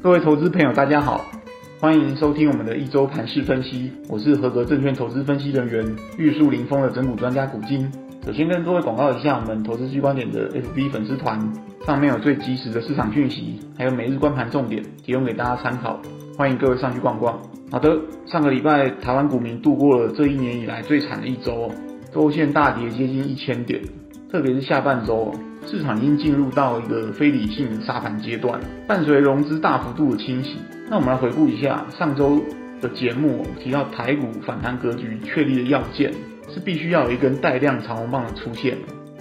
各位投資朋友，大家好，歡迎收聽我們的一周盤勢分析。我是合格證券投資分析人員、玉樹臨風的整股專家古金。首先跟各位廣告一下，我們投資 G 觀點的 FB 粉絲團，上面有最即時的市場訊息，還有每日觀盤重點，提供給大家參考。歡迎各位上去逛逛。好的，上個禮拜台灣股民度過了這一年以來最慘的一周，周線大跌接近一千點。特別是下半周，市場已經進入到一個非理性的殺盤階段，伴隨融資大幅度的清洗。那我們來回顧一下上周的節目，提到台股反彈格局確立的要件，是必須要有一根帶量長紅棒的出現。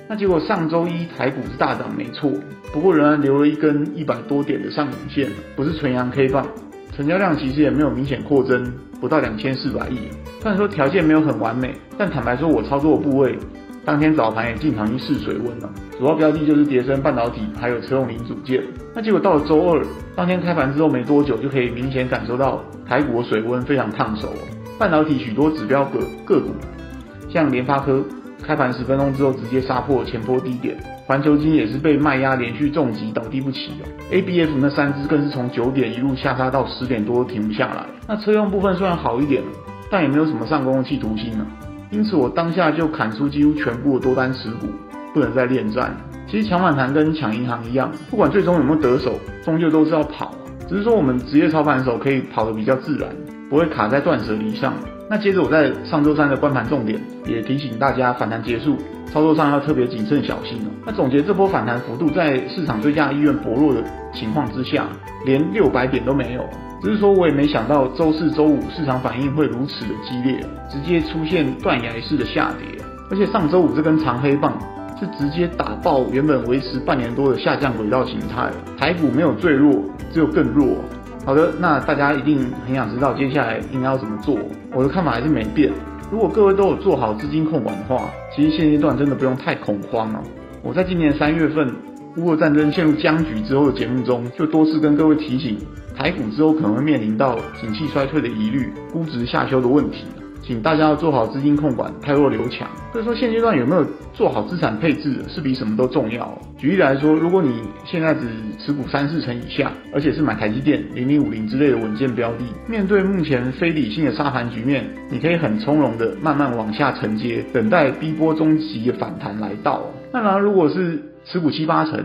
那結果上周一台股是大漲沒錯，不過仍然留了一根一百多點的上影線，不是純陽 K 棒，成交量其實也沒有明顯擴增，不到兩千四百億。雖然說條件沒有很完美，但坦白說我操作的部位。當天早盤也進場去試水溫了、啊，主要標的就是跌深半導體，還有車用零組件。那結果到了周二，當天開盤之後沒多久，就可以明顯感受到台股水溫非常燙手。半導體許多指標的個，個股，像聯發科，開盤十分鐘之後直接殺破前波低點，環球晶也是被賣壓連續重擊倒地不起。ABF 那三只更是從九點一路下殺到十點多都停不下來。那車用部分雖然好一點，但也沒有什麼上攻的企圖心了、啊因此，我當下就砍出幾乎全部的多單持股，不能再戀戰。其實搶反彈跟搶銀行一樣，不管最終有沒有得手，終究都是要跑。只是說我們職業操盤的手可以跑得比較自然，不會卡在斷捨離上。那接着我在上周三的觀盤重點也提醒大家，反彈結束，操作上要特別謹慎小心喔。那總結這波反彈幅度，在市場追價意願薄弱的情況之下，連六百點都沒有。只是說，我也沒想到周四、周五市場反應會如此的激烈，直接出現斷崖式的下跌。而且上周五這根長黑棒是直接打爆原本維持半年多的下降軌道形態，台股沒有最弱，只有更弱。好的，那大家一定很想知道接下來應該要怎麼做。我的看法還是沒變，如果各位都有做好資金控管的話，其實現階段真的不用太恐慌哦、啊。我在今年三月份。如果戰爭陷入僵局之後的節目中，就多次跟各位提醒，台股之後可能會面臨到景氣衰退的疑慮、估值下修的問題，請大家要做好資金控管，汰弱留強。所以說現階段有沒有做好資產配置，是比什麼都重要、啊。舉例來說，如果你現在只持股三四成以下，而且是買台積電零零五零之類的穩健標的，面對目前非理性的殺盤局面，你可以很從容的慢慢往下承接，等待 B 波中期的反彈來到。那然，如果是持股七八成，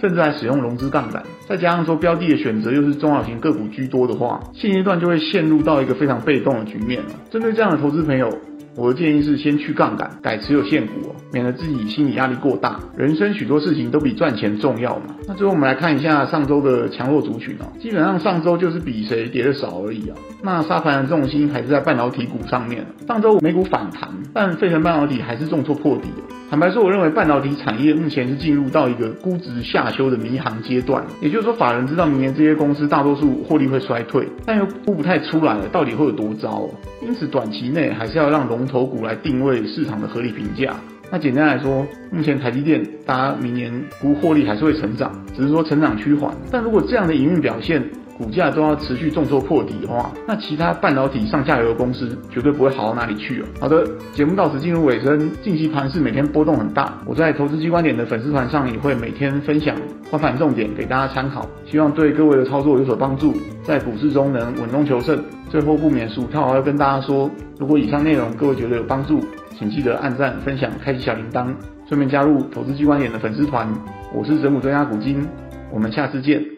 甚至還使用融資槓桿，再加上說標的的選擇又是中小型個股居多的話，現階段就會陷入到一個非常被動的局面了、啊。針對這樣的投資朋友，我的建議是先去槓桿，改持有現股、啊，免得自己心理壓力過大。人生許多事情都比賺錢重要嘛。那最後我們來看一下上周的強弱族群哦、啊，基本上上周就是比誰跌得少而已啊。那殺盤的重心還是在半導體股上面、啊、上周美股反彈，但費城半導體還是重挫破底了。坦白說，我認為半導體產業目前是進入到一個估值下修的迷航階段，也就是說，法人知道明年這些公司大多數獲利會衰退，但又估不太出來了，到底會有多糟。因此，短期內還是要讓龍頭股來定位市場的合理評價。那簡單來說，目前台積電大家明年估獲利還是會成長，只是說成長趨緩。但如果這樣的營運表現，股價都要持續重挫破底的話，那其他半導體上下游的公司絕對不會好到哪裡去哦。好的，節目到此進入尾聲。近期盤勢每天波動很大，我在投資機關點的粉絲團上也會每天分享觀盤重點給大家參考，希望對各位的操作有所幫助，在股市中能穩中求勝。最後不免俗，他還要跟大家說，如果以上內容各位覺得有幫助，請記得按讚、分享、開啟小鈴鐺，順便加入投資機關點的粉絲團。我是神武專家股金，我們下次見。